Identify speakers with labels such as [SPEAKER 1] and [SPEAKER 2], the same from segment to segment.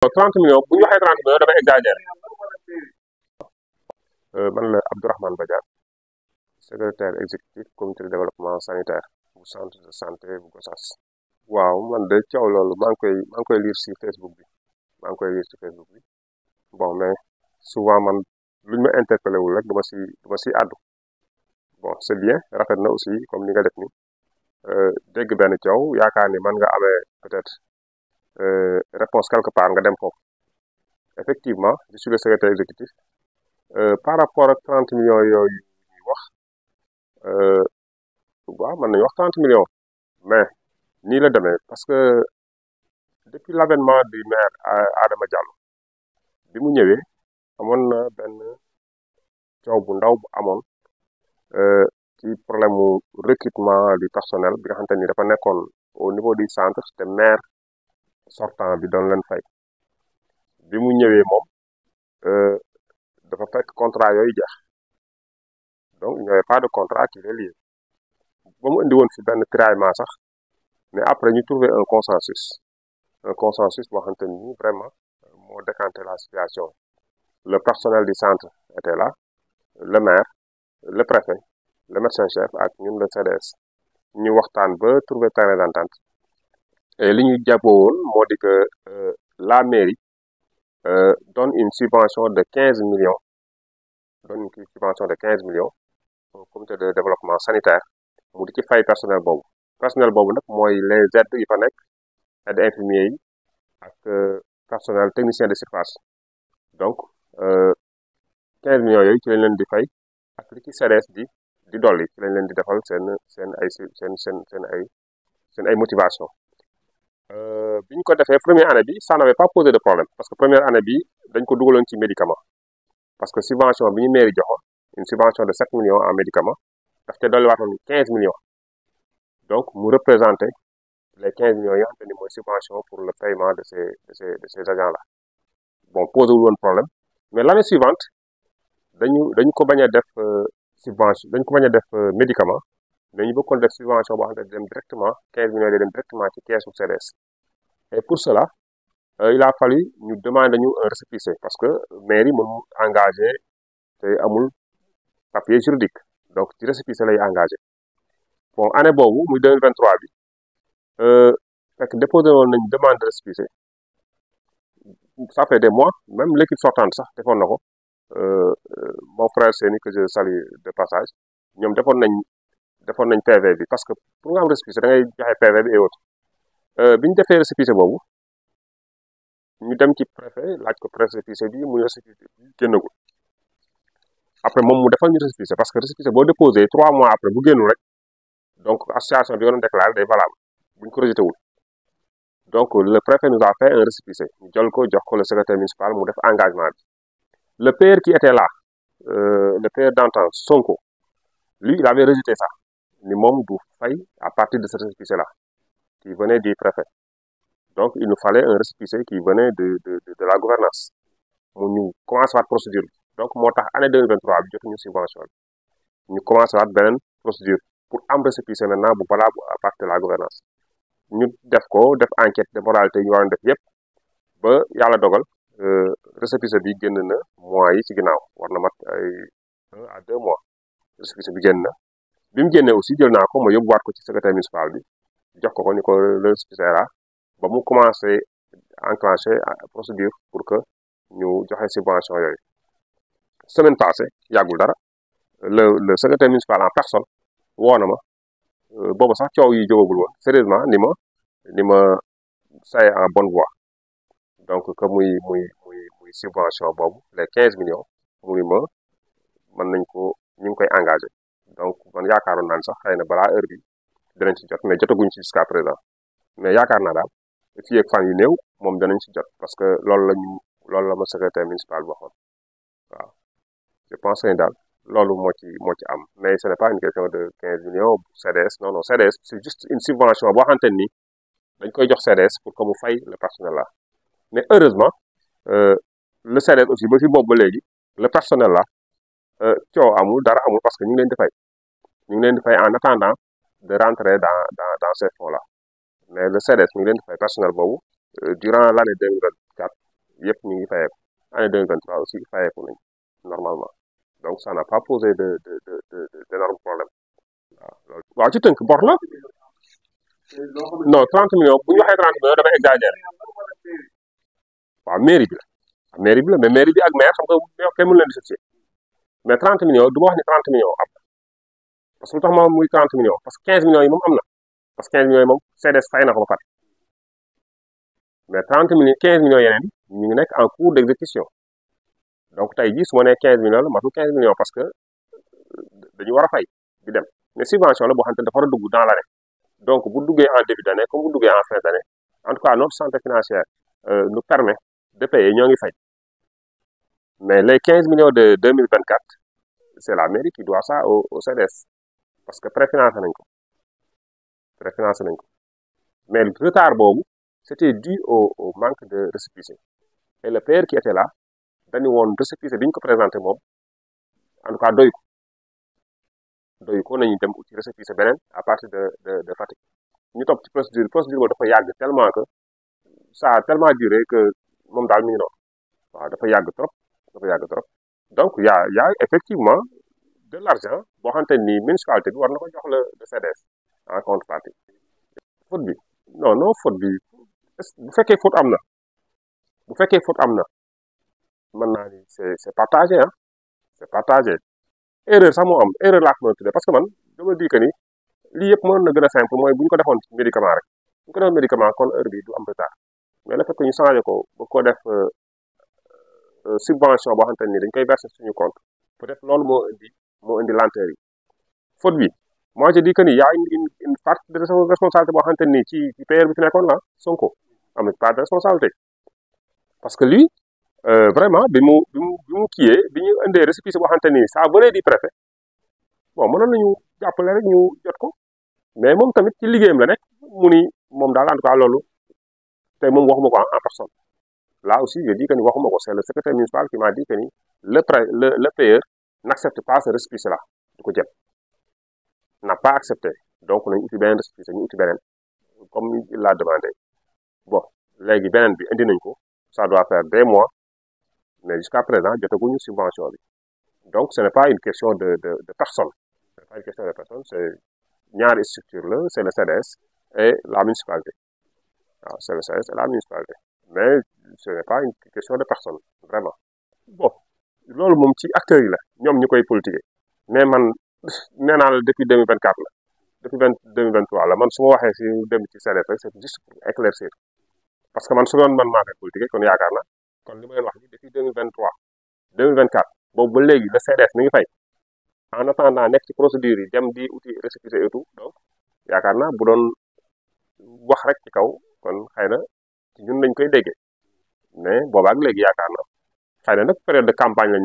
[SPEAKER 1] 30 millions bu waxee 30 millions dafay exagéré euh, man la Abdourahmane Badiane secrétaire exécutif comité de développement sanitaire bu centre de santé bu Gossas waaw man de caw loolu maa ngi koy maa ngi koy lire si Facebook bi maa ngi koy lire si Facebook bi bon mais souvent man luñ ma interpellé wul rek duma ci dama si àddu bon c'est bien rafet na aussi comme ni nga def ni euh, dégg benn caw yaakaar ni mën nga amee peut Euh, réponse quelque part nga dem foofu effectivement je suis le secrétaire exécutif euh, par rapport à 30 millions yooyu ñuy wax euh, waaw mën wax 30 millions mais ni la demee parce que depuis l'avènement du maire Adama Diallo bi mu ñëwee amoon na benn bu ndaw bu problème recrutement du personnel bi nga xamante ni dafa au niveau du centre te maire sortant bi don leen fay bi mu mom euh dafa fekk contrat yoy jax donc il n'y avait pas de contrat qui les lié. ba mu indi woon fi sax mais après ñu trouvé un consensus un consensus pour xamante ni vraiment euh, mo décanté la situation le personnel du centre était là le maire le préfet le médecin chef ak ñun le CDS ñu waxtaan ba trouver terrain d'entente Eh, li ñuy jàppoo moo di que euh, la mairie euh, donne une subvention de quinze millions donne une subvention de quinze millions au développement sanitaire mu di ci fay personnel boobu personnel boobu nag mooy les aides yi fa nekk aides infirmiers yi ak euh, personnel technicien de surface donc euh, quinze millions yooyu ci lañ leen di fay ak li ci CDS di di dolli ci lañ leen di defal seen seen ay seen seen seen ay seen ay motivation Euh, bi ko defee première année bi ça n'avait pas posé de problème parce que première année bi dañ ko dugaloon ci médicament parce que subvention bi ñu mairie joxoon une subvention de 7 millions en médicament daf ca 15 millions donc mu représenté les 15 millions de xamante mooy subvention pour le paiement de ces de ces de ces agents là bon posé wul woon problème mais l'année suivante dañu dañ ko bañ a def euh, subvention dañ ko bañ a def euh, médicament ñu bokkoon def subvention boo xam ne dem directement 15 millions de dem directement ci keesu CDS et pour cela euh, il fali ñu demande ñu un parce que maire yi mënul engagé te amul papier juridique donc ci récépissé lay engagé bon année boobu muy 2023 bi euh, fekk déposé woon nañu demande de récépissé ça fait mois même l' équipe sax defoon na ko euh, mon frère Séni que je salue de passage ñoom defoon nañ defoon nañ PV bi parce que pour nga am récépissé da ngay joxe PV bi et autres euh, bi ñu defee récépissé bobu ñu dem ci préfet laaj ko récépissé bi mu récépissé bi génnagul après mom mu defal ñu récépissé parce que récépissé bo déposé trois mois après bu génnul rek donc association bi yoroon déclaré day valable buñ ko rejeté wul donc le préfet nous a fait un récépissé ñu jël ko jox ko le secrétaire municipal mu def engagement bi le père qui était là euh, le père d'antan Sonko lui il avait rejeté ça ni mom du fay à partir de ce récépissé-là qui venait du préfet donc il nous fallait un récépissé qui venait de de de, de la gouvernance mu ñu commencé waat procédure donc motax année 2023 bi ñu subvention bi ñu commencé waat benen procédure pour am récépissé maintenant bu balaa bu à partir de la gouvernance ñu def ko def enquête de moralité ñu waroon def yépp ba yalla dogal euh récépissé bi génn na mois yi ci ginnaaw war na mat ay un à 2 mois récépissé bi génn na bi mu génnee aussi jël naa ko ma yóbbuwaat ko ci secrétaire municipal bi jox ko ko ni ko le SPICERA ba mu commencé enclenché procédure pour que ñu joxe subvention yooyu semaine passée yàggul dara le le secrétaire municipal en personne woo na ma euh, booba sax coow yi jógagul woon sérieusement ni ma ni ma say en bonne voie donc que muy muy muy muy subvention boobu les 15 millions mu ma mën nañ ko ñu ngi koy engagé donc man yaakaaroon naa ne sax xëy na balaa heure bi danañ ci jot mais jotaguñ ci jusqu'à présent mais yaakaar naa daal fii ak fan yu néew moom danañ ci jot parce que loolu la ñu loolu la ma secrétaire municipal waxoon waaw je pense que loolu moo ci moo ci am mais ce n'est pas une question de quinze millions CDS non non CDS c'est juste une subvention dañ koy jox CDS pour que fay le personnel là mais heureusement euh, le CDS aussi ba fi boobu ba léegi le personnel là euh, coow amul dara amul parce que ñu ngi leen di fay ngi en attendant de rentrer dans dans, ces fonds là mais le CDS ñu ngi leen di euh, durant l'année 2024 yëpp ñu ngi 2023 aussi fayee ko nañ normalement donc ça n'a pas posé de de de de de problème waaw ci non 30 millions Si tu as 30 millions dafa exagéré waaw mairie bi la mais ak maire xam nga mais 30 millions tu ma wax ni 30 millions parce que lu tax ma 40 millions parce que 15 millions yi mom amna parce que 15 millions yi CDS fay na ko mais 30 millions 15 millions yenen ñu ngi en cours d'exécution. donc tay ji suma ma 15 millions la as 15 millions parce que euh, dañu wara fay di dem mais subvention la bo xanté ne dafa dugg dans l'année. donc bu duggee en début d'année comme bu duggee en fin d'année en tout cas notre santé financière euh, nous permet de payer fay mais les 15 millions de 2024 c'est la mairie qui doit ça au CDS. parce que préfinancé nañ ko préfinancé nañ ko mais le retard boobu c' était dû au au manque de récépissé et le père qui était là dañu woon récépissé bi ñu ko présenté moom en tout cas doy ko doy ko nañu dem ci récépissé beneen à partir de de de Fatick ñu topp ci procédure procédure boobu dafa yàgg tellement que ça a tellement duré que moom daal mi ngi noonu waaw dafa yàgg trop dafa yàgg trop donc y' a y' a effectivement. de l' argent boo xamante nii municipalité bi war na ko jox la le CDS en contrepartie faute bi non non faute bi bu fekkee faute am na bu fekkee faute am na man naa ni c'est c'est partagé ah c'est partagé erreur sax moo am erreur laa ko mën a tuddee parce que man dama di que lii yëpp mënoon na gën a simple mooy buñ ko defoon ci médicament rek bu ñu ko defoon médicament kon heure bi du am retard mais le fait ñu changé ko ba ko def euh, euh, subvention boo xamante ni dañ koy verser suñu compte peut-être loolu moo moo indi lenteur yi faute bi moi je dis que ni a une une partie de responsabilité boo xamante ni ci ci bi fi nekkoon la Sonko am na part de responsabilité parce que lui euh, vraiment bi mu bi mu bi mu kiiyee bi ñu indee récépissé boo xamante ni ça venait du préfet bon mënoon nañu jàppale rek ñu jot ko mais moom tamit ci liggéeyam la nekk mu ni moom daal en tout cas loolu te moom waxuma ko en personne là aussi je dis que ko c'est le secrétaire municipal qui m'a dit que ni le le n'accepte pas ce récépissé là du quotidien. n'a pas accepté donc on est beneen récépissé comme il l'a demandé bon les ça doit faire des mois mais jusqu'à présent une subvention donc ce n'est pas une question de de personne ce n'est pas une question de personne c'est structure c'est le CDS et la municipalité c'est le CDS et la municipalité mais ce n'est pas une question de personne vraiment bon mon petit acteur, mon petit ñoom ñu koy politiquer mais man nee naa la depuis 2024 la depuis vingt 2023 la man su ma waxee si dem ci CNF rek c'est juste pour éclaircir parce que man su doon man maa koy politiquer kon yaakaar na kon li ma leen wax ni depuis 2023 2024 boobu ba léegi le CNF mi ngi fay en attendant nekk ci procédure yi dem di outil récépissé et tout donc yaakaar naa bu doon wax rek ci kaw kon xëy na ci ñun lañ koy déggee mais boobaak léegi yaakaar na xëy na période de campagne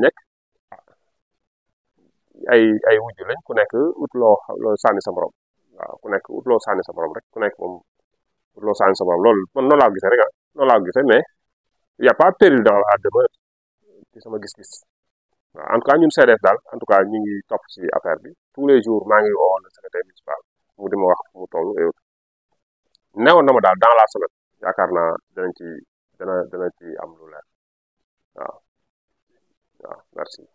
[SPEAKER 1] ay ay wujju lañ ku nekk ut loo loo sànni sa morom waaw ku nekk ut loo sànni sa morom rek ku nekk moom ut loo sànni sa morom loolu man noonu laa gisee rek ah noonu laa gisee mais y' a pas péril dans la demeure ci sama gis-gis waaw en tout cas ñun CDS daal en tout cas ñu ngi topp ci affaire bi tous les jours maa ngi woo le secrétaire municipal mu di ma wax mu toll et autres newoon na ma daal dans la semaine yaakaar naa danañ ci dana dana ci am lu leer waaw waaw merci